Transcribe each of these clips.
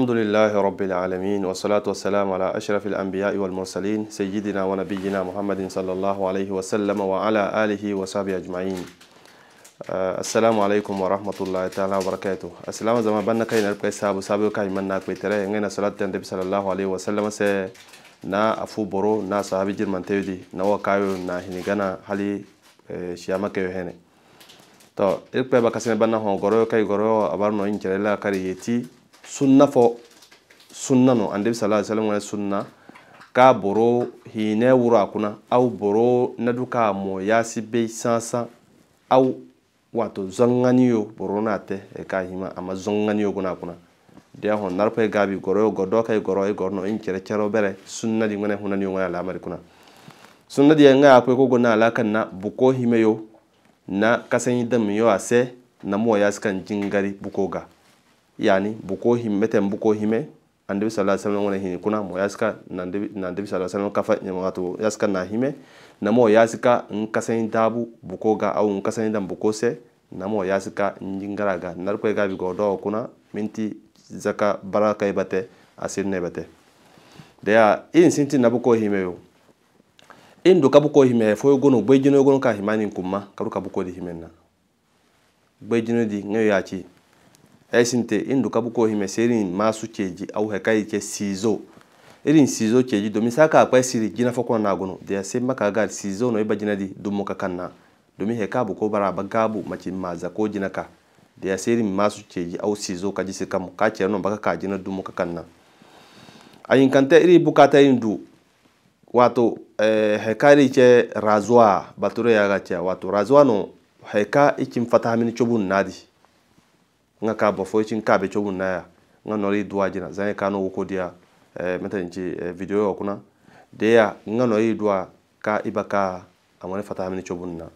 الحمد لله رب العالمين والصلاة والسلام على أشرف الأنبياء والمرسلين سيدنا ونبينا محمد صلى الله عليه وسلم وعلى آله وصحبه أجمعين السلام عليكم ورحمة الله تعالى وبركاته السلام زما بنا كاين رب كاي سابو سابو كاي منا كوي ترى ينعي نصلاة النبي صلى الله عليه وسلم سه نا أفو برو نا صحابي جر من تيودي نا وكايو نا هني غنا حالي شيامة كيو هني تو إلك بقى كسينا بنا هون غرو كاي غرو أبارنو إن كريلا كاري يتي sunna fo sunna no andebi sa ai sallam wone sunna ka boro hine wuro akuna aw boro nadu ka mo yasi bey sansan aw wato zonganiyo boro nate e ka hima ama zonganiyo guna kuna dia hon narpe gabi goro go do kay goro e gorno in cere cero bere sunna di ngone hunani ngona la mari kuna sunna di nga akwe ko gona la kanna buko hime yo na kasanyi dam yo ase na mo yas kan jingari buko ga yani buko him meten buko hime annabi sallallahu alaihi wasallam hini kuna mo yaska na annabi sallallahu alaihi kafa nyamato yaska na hime na mo yaska nkasayin dabu buko ga au nkasayin dan buko se na mo yaska njingara ga nar ga bi go kuna minti zaka baraka ibate asir ne bate da ya in sinti na buko hime yo in do kabuko hime fo gono gbejino gono ka himani kuma karuka buko di himenna gbejino di ngayo esinte induka buko hime serin masu keji au hekai ke sizo irin sizo keji domin saka akwai siri gina fakwa na gunu da ya sai maka ga sizo no iba jina di dumu ka kanna domin heka bu ko bara ba gabu mace maza ko jina ka da ya sai masu keji au sizo ka ji sikam ka ce no baka ka jina dumu ka kanna ayin kanta iri bukata indu watu wato eh, hekari ce razwa baturo ya ga ce wato razuwa no heka ikin fata mini chobun nadi nga ka bo fo chin ka be chogun na ya nga nori duwa jina zane ka no ko dia e meta nchi e, video yo kuna de ya nga nori duwa ka ibaka amane fata hamini chobun na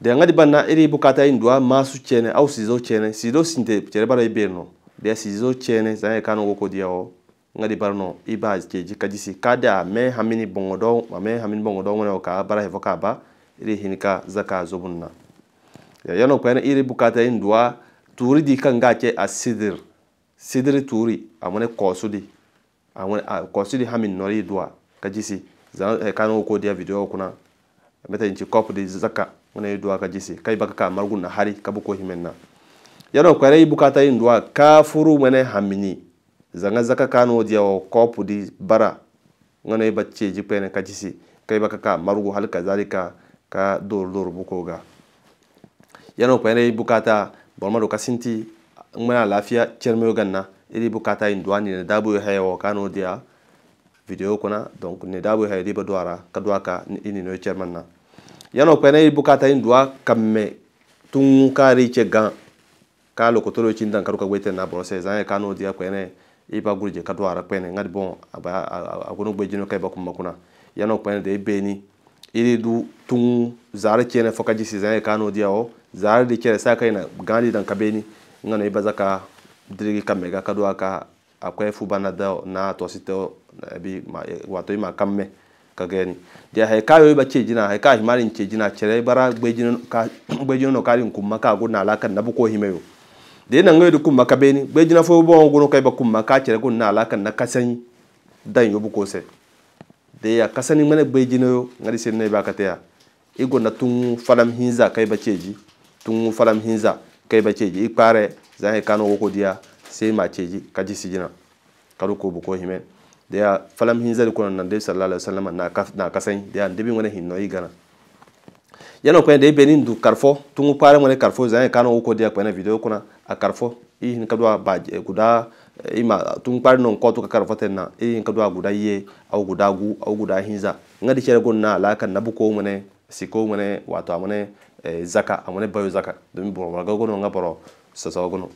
de nga di banna iri bukata in duwa masu chene au sizo chene sizo sinte chere bara ibeno de ya sizo chene zane ka no ko dia o nga di barno iba jeji kadisi kada me hamini bongodo me hamini bongodo ngone ka bara hevoka ba iri hinika zaka zobunna ya yano kwa iri bukata in duwa tuuri di kan ga ke a sidir sidiri tuuri amone koosudi amone a koosudi hamin nori dua kajisi zan eh, kanu ko dia video kuna meta inci kop di zaka mune dua kajisi kai baka ka margun na hari kabu ko na yaro kware yi bukata yin dua kafuru mene hamini zanga zaka kanu diya o kop di bara ngane bacce ji pene kajisi kai baka ka margu halka zalika ka dor dor bukoga yaro kware yi bukata bormado ka sinti ngmana lafiya cermeyo ganna idi bukata in duwani ne dabu ya hayo kano dia video kuna donc ne dabu ya hayo diba duwara ka duwa ka ini no cerman na yano kwena idi bukata in duwa kamme tun kari ce gan ka lokotoro cin dan karuka gwete na borose zan kano dia kwena iba gurje ka duwara kwena ngadi bon aba agono gbejino kai ba kuma kuna yano kwena de beni iri du tun zare kene foka ji si kano dia o zara di kere saka ina gandi dan kabeni ngano ibaza ka dirigi kamega kadu aka akwe fubana da na tosito sito bi e, wato ima kamme ka dia hay kayo iba ce jina hay ka himarin ce jina cere bara gbejino ka gbejino no karin kumma ka gona alaka na buko himeyo de na ngoy du kumma kabeni gbejina fo bo ngono kai ba kumma ka cere gona alaka na kasan dan yobu ko se te akasani mene bai jino ngari sen ne baka te igo na tun falam hinza kai baceji tun falam hinza kai baceji ikpare zan kano woko dia sai ma ceji kaji sijina karu ko buko himen da ya falam hinza da kunan nan dai sallallahu alaihi wasallam na na kasan da ya ndibi wani hinno yi gana yana kwa da benin du karfo tun fara wani karfo zan kano woko dia kwa na video kuna a karfo ihin kadwa ba guda ima tun kwari non ko ka ka karfata na e ka duwa guda ye au guda gu au guda hinza da kere gonna alaka nabuko mune siko mune wato mune e, zaka mune bayo zaka domin bo mara gogo nga baro sasa gono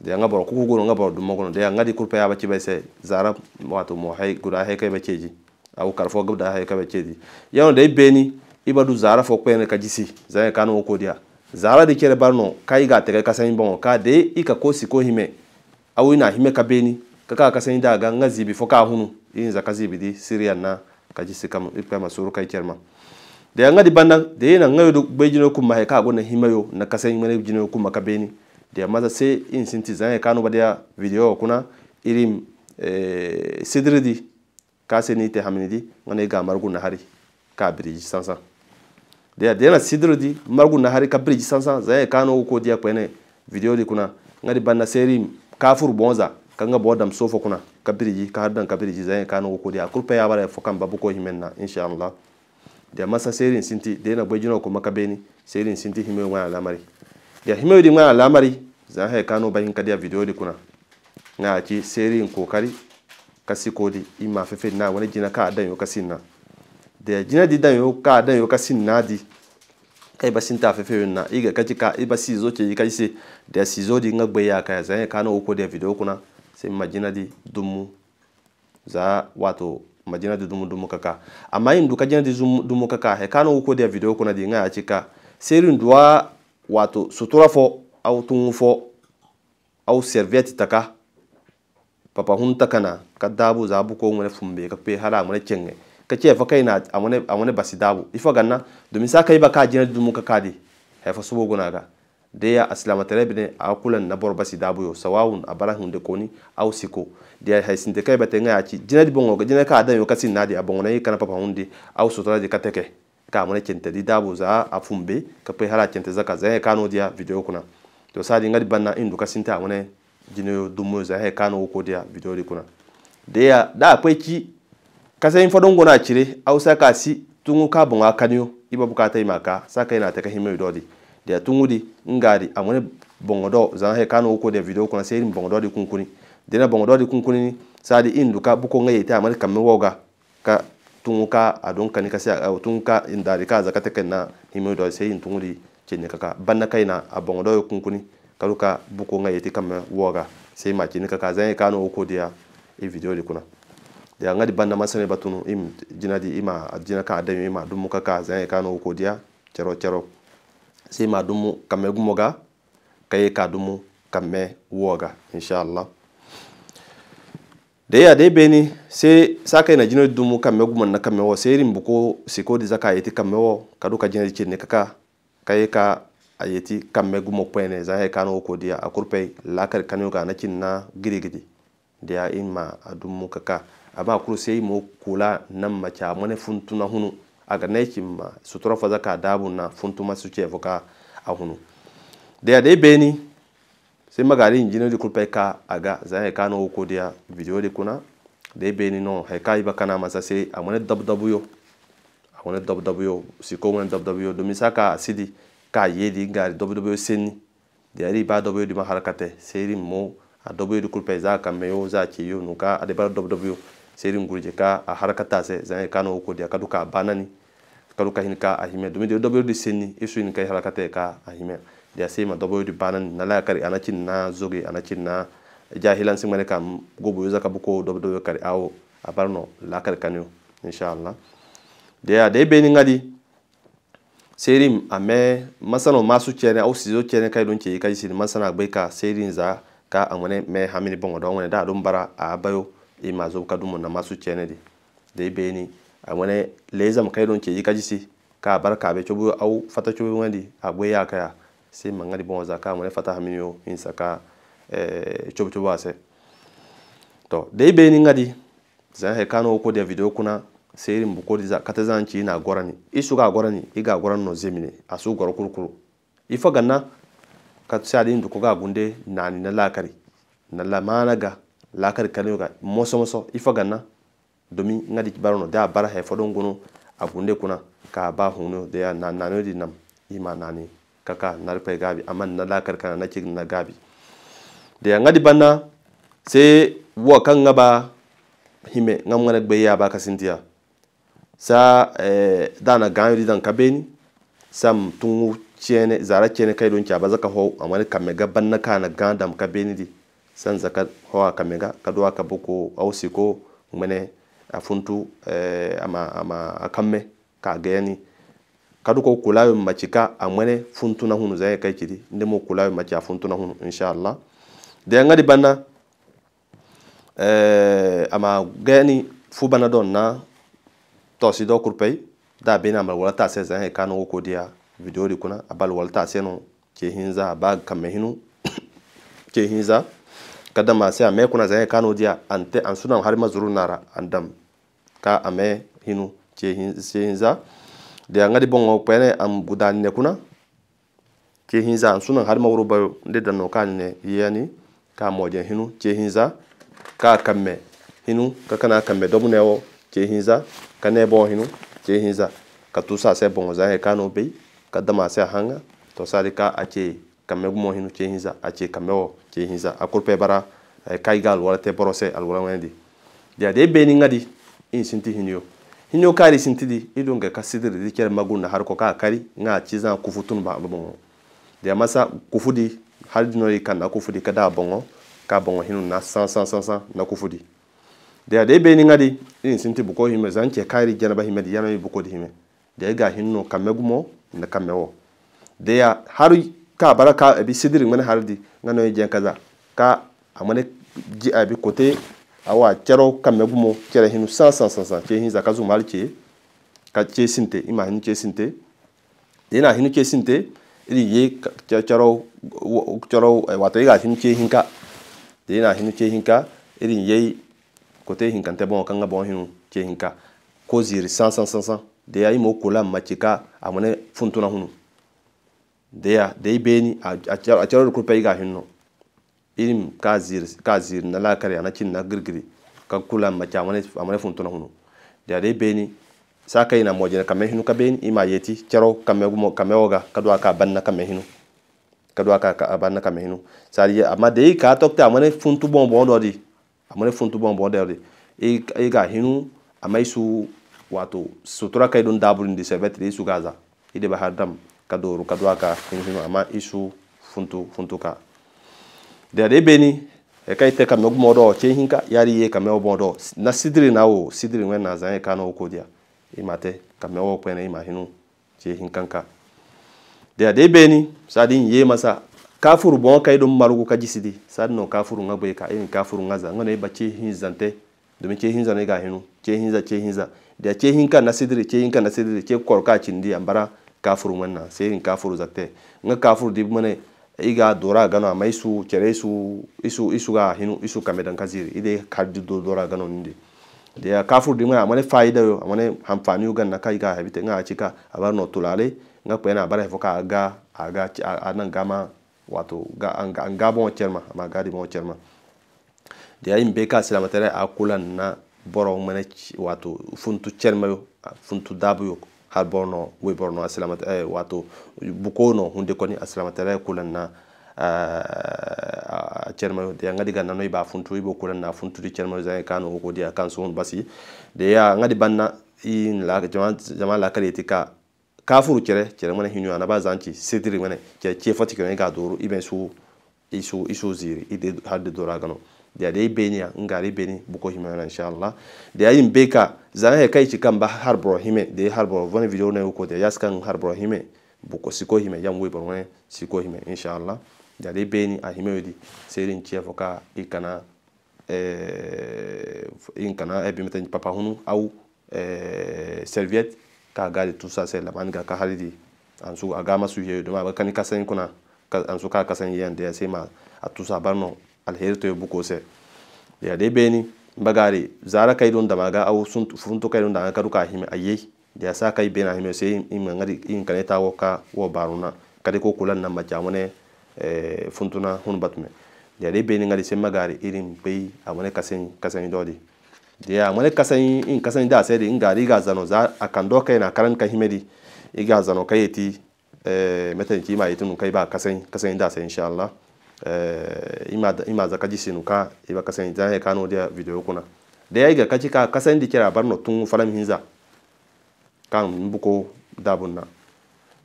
da nga baro kuku gono nga baro dumma gono da ngadi kurpa ya bace bai sai zara wato mo hay guda hay kai bace ji au karfo guda hay kai bace ji da ibeni ibadu zara fo kwene kajisi zai kanu ko dia zara da kere barno kai ga tege kasan bon ka de ika ko hime awi na hime ka beni kaka kasani da ga nga zibi fo ka hunu in zaka zibi di siriya na ka ji sikam ipa masuru kai kyerma da yanga di banda da yana nga yodo bejino kuma he ka gona hime yo na kasani sani mene jino kuma ka beni da maza se in sinti zan ka no badia video kuna irim eh sidridi ka sani te haminidi ngane ga margu na hari ka biriji sansan da na sidridi margu na hari ka biriji sansa zan ka no ko dia kwene video di kuna ngadi banda serim kafur bonza kanga bodam sofo kuna kabiriji ka haddan kabiriji zai kanu ko dia kurpe ya bara fokan babu ko himenna insha Allah da masa serin sinti da na gbejino ko makabeni serin sinti himai wa lamari da himai di wa lamari za ha kanu bayin kadiya video di kuna na ci serin kokari kasi kodi ima fefe na wani jina ka adan yo kasin da jina di dan yo ka adan yo kasin di kai basin ta fefe na iga kaci ka iba si zo ce kai se da si zo di nga gbeya ka za e ka na uko da video kuna sai majina di dumu za wato majina di dumu dumu kaka amma yin e duka jina di dumu kaka he ka na uko da video kuna di nga ya cika sai rin duwa wato sutura fo au tun fo au serviette taka papa hun takana ka dabu za bu ko ngone fumbe ka pe hala ngone cenge ce fa kai na wani basi dabu ifa ganna domin sa kai ba ka jina da dumuka kadi haifa subo guna ga da ya aslama tare a kulan na bor dabu yo sawawun abarahun de koni aw siko de ya haisin de kai ba tenga ya ci jina di bongo jina ka adan yo na nadi abongo na kana papa hundi aw sotora de kateke ka amune kente di dabu za afumbe ka pe hala kente zaka za kano dia video kuna to sa di ngadi banna indu ta amune jina yo dumu za he kano ko dia video kuna da ya da akwai ki kasa yin fadon gona cire ausa ka si tungu ka bon akaniyo iba bukata yi maka saka ina ta kahimai dodi da tungu di nga di a ngari amune bongodo zan he kanu ko da video kɔnɔ kuna sai bongodo di kunkuni dina bongodo di kunkuni sadi induka buko ngaye ta amar kamme woga ka tungu ka adon kani kasi a tungu ka indari ka zakata kana himai dodi sai tungu di cenne kaka banna na a dɔ yo kunkuni karuka buko ngaye ti kamme woga sai ma cenne kaka zan he kanu ko dia e video di kuna ya ngadi banda masane batunu im jinadi ima jina ka adami ima dumu kaka zan ka no ko dia cero cero dumu kamme gumoga kai ka dumu kamme woga insha Allah ya dai beni sai saka ina jino dumu kamme gumon na kamme wo sai rin buko zaka yiti kamme wo ka jina di ne kaka kai ka ayeti kamme gumo pene zan ka no akurpe lakar kanyo ga na kinna gidi gidi da ya ima adumu kaka a ba kuro sai mu kula nan macha mone funtuna hunu a ga naikin ma sutura fa zaka dabu na funtuma su ce fuka a hunu da ya dai beni sai magari da kulpai ka a ga zai ka no ko dia video da kuna da ya beni no hai kai ba kana masa sai a mone dabdabu yo a mone dabdabu yo si ko mone dabdabu yo domin saka sidi ka yedi ngari dabdabu yo seni da ya ri ba dabdabu yo di maharkate sai rin mu a dabdabu yo kulpai za ka yo za ke yo nuka a da bar dabdabu yo seri nguruje ka a harakata se zan ka no ko dia ka duka banani ka duka hin ka ahime dumi de dobo de seni isu hin ka harakata ka ahime dia se ma dobo de banani na la kari anachin na zoge anachin na jahilan sin mane kam gobo zaka buko dobo dobo kari awo abarno la kari kanyo inshallah dia de beni ngadi serim ame masano masu chene au sizo chene kai don chei kai sin masana bai ka serin za ka amone me hamini bongo don ne da don bara a bayo i ma zo kadu mun na masu cene de da i ni a wani lezam kai don ke yi kaji si ka bar ka be chobu au fata chobu wani a gwe ya kaya sai man ngadi bon k'a wani fata haminiyo in saka eh chobu chobu ase to da i ni ngadi zan he kano ko da video kuna sai irin buko da kata zan ci na gorani isu ga gorani i ga goran no zemine su gora kurkuru ifa ganna ka tsadi ndu ko ga gunde nani na lakari na lamana ga lakari kalen ka mɔsɔmɔsɔ i ifa ganna domi nga di baro da bara he fodon gono agunde kuna ka ba hunu da ya na nano di nam ima nani kaka na rufe gabi amma na lakar kana na kin na gabi da ya ngadi banna sai wo kan ngaba ba hime ngam ngana be ya ba ka sintiya sa eh dana ganyo di dan kabeni sam tungu chene zara chene kai don cha ba zaka ho amma kamme gaban na kana gandam kabeni di san zakat hoa kamenga kadwa kabuko au siko mene afuntu eh, ama ama akamme ka gani kadu kulayo machika amwene funtu na hunu zaye kai chidi ndemo kulayo macha funtu na hunu inshallah de ngadi bana eh, ama gani fubana donna don na tosi do kurpei da bina ma wala ta se zaye kanu ko dia video di kuna abal wala ta se no ke hinza ba kamme hinu ke hinza kadama se a me kuna zaye kano dia ante an suna har ma zuru nara andam ka a me hinu che hin se hin za de an gadi bon opene am gudan ne kuna che hin za an suna har ma wuru ba de dan no kan ne yani ka mo je hinu che hin za ka kamme hinu ka kana kamme do ne o che hin za ka ne bon hinu che hin za ka tu sa se bon zaye kano be kadama se hanga to sa de ka a che kame gumo hinu chehinza ache kameo chehinza akurpe bara eh, kaiga alwala te borose alwala wendi dia de beni ngadi in sinti hinyo hinyo kari sinti di idunga kasidiri di maguna har ko kari nga chiza kufutun ba bongo dia masa kufudi har dinori kana kufudi kada bongo ka bongo hinu na san san san san na kufudi dia de beni ngadi in sinti buko hime zanche kari janaba hime di yanami buko di hime dia ga hinno kame gumo na kamewo dia haru ka bara ka abi sidiri ngana hardi ngano je kaza ka amane ji abi kote awa chero kamme gumo chere hinu san san san san che hin zakazu malche ka che sinte ima hinu che sinte dena hinu che sinte iri ye chero chero eh, wato ga hinu che hinka dena hinu che hinka iri ye kote hinkante bon kanga bon hinu che hinka ko ziri san san san san de ayi mo kula machika amane funtuna hunu deya dey beni a cewar da kurfai ga hinno irin ka zir na lakari kare na cin na girgiri kan kula ma a amane amane fun hunu da dey beni sa kai na mojina kamar hinu ka beni ima ya ti kame kamar kame oga kadwa ka banna kamar hinu kadwa ka ka banna kame hinu sari amma yi ka tokta a fun tu bon da dodi amane fun tu bon bon dodi e ga hinu amai su wato sutura kai don daburin di servetre su gaza ide ba har dam kadoru kaduaka kunzima ama isu funtu funtu funtuka de de beni e kai te kamego modo chehinka yari ye ka kamego modo na sidri na o sidri wen na zan ka na o kodia ma hinu kwene imahinu chehinkanka de de beni sadin ye masa kafuru bon kai dum marugo ka jisidi sadin no kafuru ngagbe ka e in kafuru ngaza ngone bace hin zante domin ce hinza ne ga hinu ce hinza ce hinza da ce hinka na sidiri ce hinka na sidiri ce korka cin di ambara kafuru manna in kafuru zakte nga kafuru dib mane iga dora gano mai su kere su isu isu ga hinu isu kamedan kaziri ide kardi do dora gano ndi de kafuru dib mane amane faida yo amane hamfani yo ganna kai ga habite nga chika abar no tulale nga pena bara foka ga aga anan gama wato ga an ga bon ma ga di bon cerma de ayin beka silamatere akulan na boro mane wato funtu cerma yo funtu dabu yo har borno we e eh, wato bukono hunde koni aslamatara eh, kulanna a cerma de ngadi ganna noy ba funtu ibo kulanna funtu di cerma zay kanu ko dia kanso hun basi de ya ngadi banna in la jama jama la kalitika kafuru cere cere mana hinu ana ba zanci sidiri mana cere ce fati kan ga doro iben su isu isu ziri ide hadde doragano de ade benya ngari beni buko himana inshallah de ayin beka zana he kai chikan ba har brohime de har von video ne uko de yaskan har brohime buko siko hime yam we bro siko hime inshallah de ade beni a hime yodi serin chiefo ka ikana eh inkana e eh, bimeten papa hunu au eh serviette ka gade tout ça c'est la manga ka halidi ansu agama suye do ma kani kasen kuna an su k'a kasan da ya ma a tusa barno alheri to buko sai ya dai beni bagari zara kai don da ga awu sun to kai don da an ruka himi ayye da ya sa kai bena himi sai in ngari in kane ta woka wo baruna kare ko kulan nan jamune eh funtuna hun batme da dai beni ngari sai magare irin bai wani kasan kasan dodi da ya wani kasan in kasan da sai in gari ga zano za akan do kai na karan ka himedi iga zano kai ti Eh, mɛtɛ nti ima yeti nuka iba kasɛn kasɛn da sɛ inshallah eh, ima ima za kaji sinu ka iba kasɛn za ya kano dia video kuna da yayi ga kaji ka kasɛn di kira barno tun fara mi hinza kan buko dabun na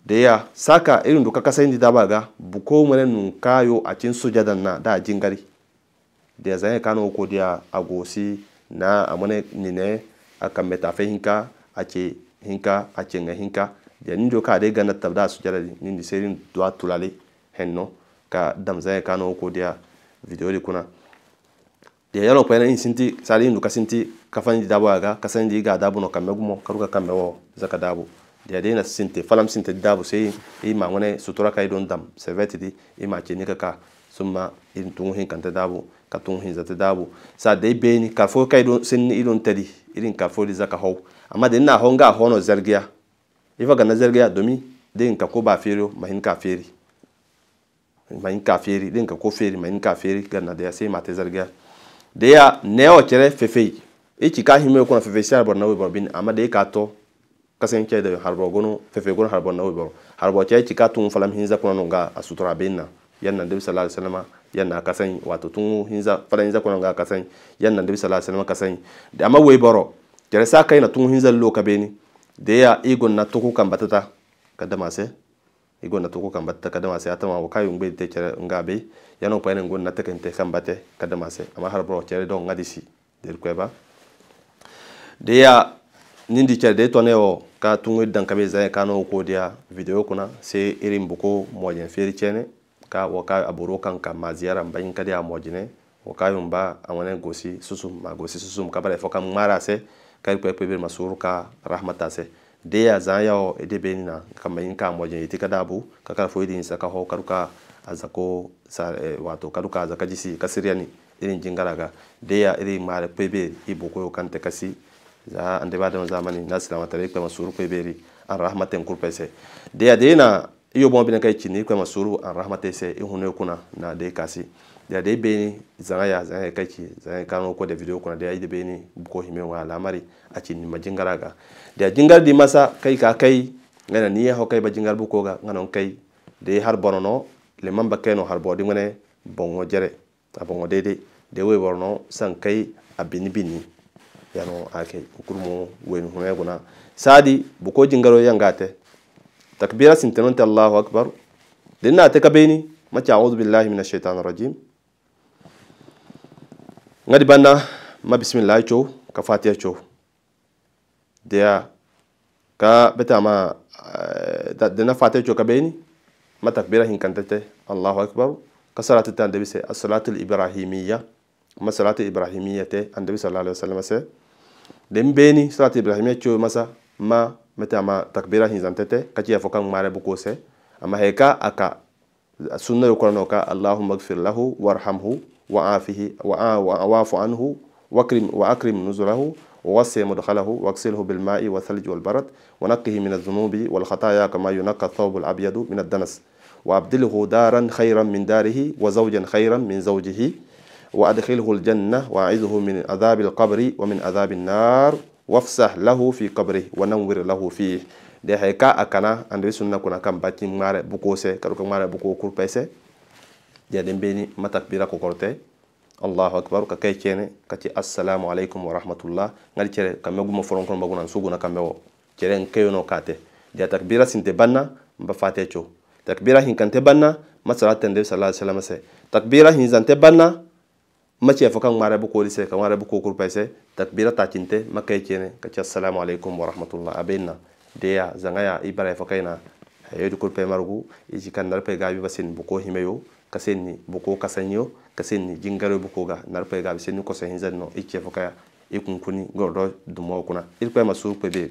da ya saka irin duka kasɛn di daba ga buko mana nuka yo a cin sujadan na da jin gari da ya zanya kano ko dia agosi na amane nine akan metafe hinka ace hinka ace nga hinka janjo ka ganna tabda sujada ni serin dua tulale henno ka damza ka ko dia video de kuna de yalo pa ni sinti sali ndu kasinti kafani dabo aga kasani ga dabo no kamegumo karuka kamewo zaka dabo de de na sinti falam sinti dabo sei i ma ngone sutura kai don dam seveti di i ma cheni ka summa in tunhin kanta dabo ka tunhin zata dabo sa de beni ka fo kai don sin i don irin ka fo di zaka ho amma de na honga hono zergia ifa ga nazar ga domi den ka ko ba fero mahin ka feri mahin ka feri den ka ko feri mahin ka feri ga na da sai mate zarga da ya ne o kere fefe e ci ka hime ko na fefe sar bor na we bor bin amma da ka to kasen ke da harbo gono fefe gono harbo na we bor harbo ci ka tun falam hinza ko no ga asutura bin na yanna da sallallahu alaihi wasallam yanna kasan wato tun hinza faran hinza ko ga kasan yanna da sallallahu alaihi wasallam kasan da amma we boro kere sa kai na tun hinza lo ka beni deya igonna tuku kambatata kadamase igonna tuku kambatata kadamase atama wakayu ngbe te chere ngabe yano payene ngonna te kente kambate kadamase ama harbro chere don ngadisi der kweba deya nindi chere de tone o ka tungu dankabe zay kano ko dia video kuna se irin buko moyen feri chene ka waka aburo kan ka maziara mbayin kadi a mojine wakayu mba amane gosi susum ma gosi susum kabare foka mara se kar kwa kwebe masuruka rahmata se de ya za ya e de be na kama in ka moje ite kada bu ka ka fo idin saka ho karuka azako sa e, wato karuka azaka jisi kasiriani irin jingara ga de ya irin mare kwebe ibo ko kan kante kasi za ande ba da zamani na salama tare kwa masuru kwebe ri an rahmatin kurpese de ya de na iyo bon bina kai chini kwa masuru an rahmata sai in hunu kuna na dai kasi da dai beni zanga ya zanga kai ci zanga kano ko da video kuna da yi da beni buko hime wa lamari a chini majingara ga da jingar di masa kai ka kai ngana ni ya ho kai bajingar buko ga ngana kai dai har bonono le mamba kai no har bodi ngane bongo jere a bongo dede de we borno san kai a bini bini yano ake kurmo wen hunu kuna sadi buko jingaro yangate takbira sintenonte allahu akbar denna ate kabeni maci audu billahi min ashaitan irrajim ngadi banna ma bisimillahi cow ka fatiha cow deya ka betama denna fatiha cow kabeni ma takbira hinkantete allahu akbar ka salatete andebi se asalatu librahimiya ma salatu ibrahimiya te andebi sala alih wasallam se den beni salatu ibrahimiya cow masa ma mete ama takbira hin zantete kati ya fokan mare bu kose ama heka aka sunna yo kono ka allahumma ighfir lahu warhamhu wa wa'fu anhu akrim wa akrim nuzulahu ووسع مدخله واغسله بالماء والثلج والبرد ونقه من الذنوب والخطايا كما ينقى الثوب الابيض من الدنس وابدله دارا خيرا من داره وزوجا خيرا من زوجه وادخله الجنه واعذه من عذاب القبر ومن عذاب النار wafsah lahu fi kabri wa nawwir lahu fi de hay ka akana andre sunna kuna kam bati mare buko se karuka mare buko kur pese ya dembeni matakbira ko korte allahu akbar ka kay cene kati assalamu alaikum wa rahmatullah ngali cere kamme guma foron kon baguna suguna kamme wo cere kayono kate ya takbira sinte banna mba fate cho takbira hinkante banna masalaten de sallallahu alaihi wasallam se takbira hinzante banna mace fa kan ngare bu ko lise kan ngare bu pese takbira ta cinte makai cene ka ci assalamu alaikum wa rahmatullah abenna deya zangaya ibara fa kaina hayo kur pe margu iji kan narpe gabi basin bu ko himeyo kasenni bu ko kasanyo kasenni jingaro bu ko ga narpe gabi senni ko sen zanno ike fa kaya ikun gordo dumo kuna ilko ma su be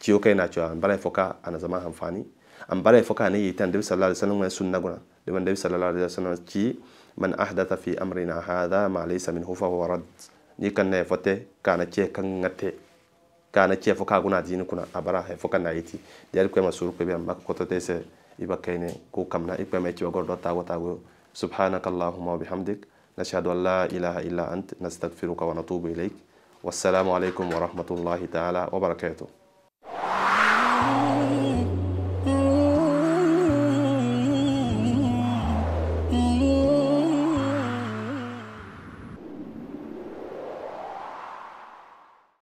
ciyo kaina ciwa ambara fa ka anazama hanfani ambara fa ka ne yitan da sallallahu alaihi wasallam sunna guna لمن النبي صلى الله عليه وسلم تي من احدث في امرنا هذا ما ليس منه فهو رد ني كان فته كان تي كان نته كان تي فكا غنا دين كنا ابرا فكا نايتي ديال كما سور كبي ما كوتو تيس يبا كاينه كو كمنا اي بما تي غور دو تاغو سبحانك اللهم وبحمدك نشهد ان لا اله الا انت نستغفرك ونتوب اليك والسلام عليكم ورحمه الله تعالى وبركاته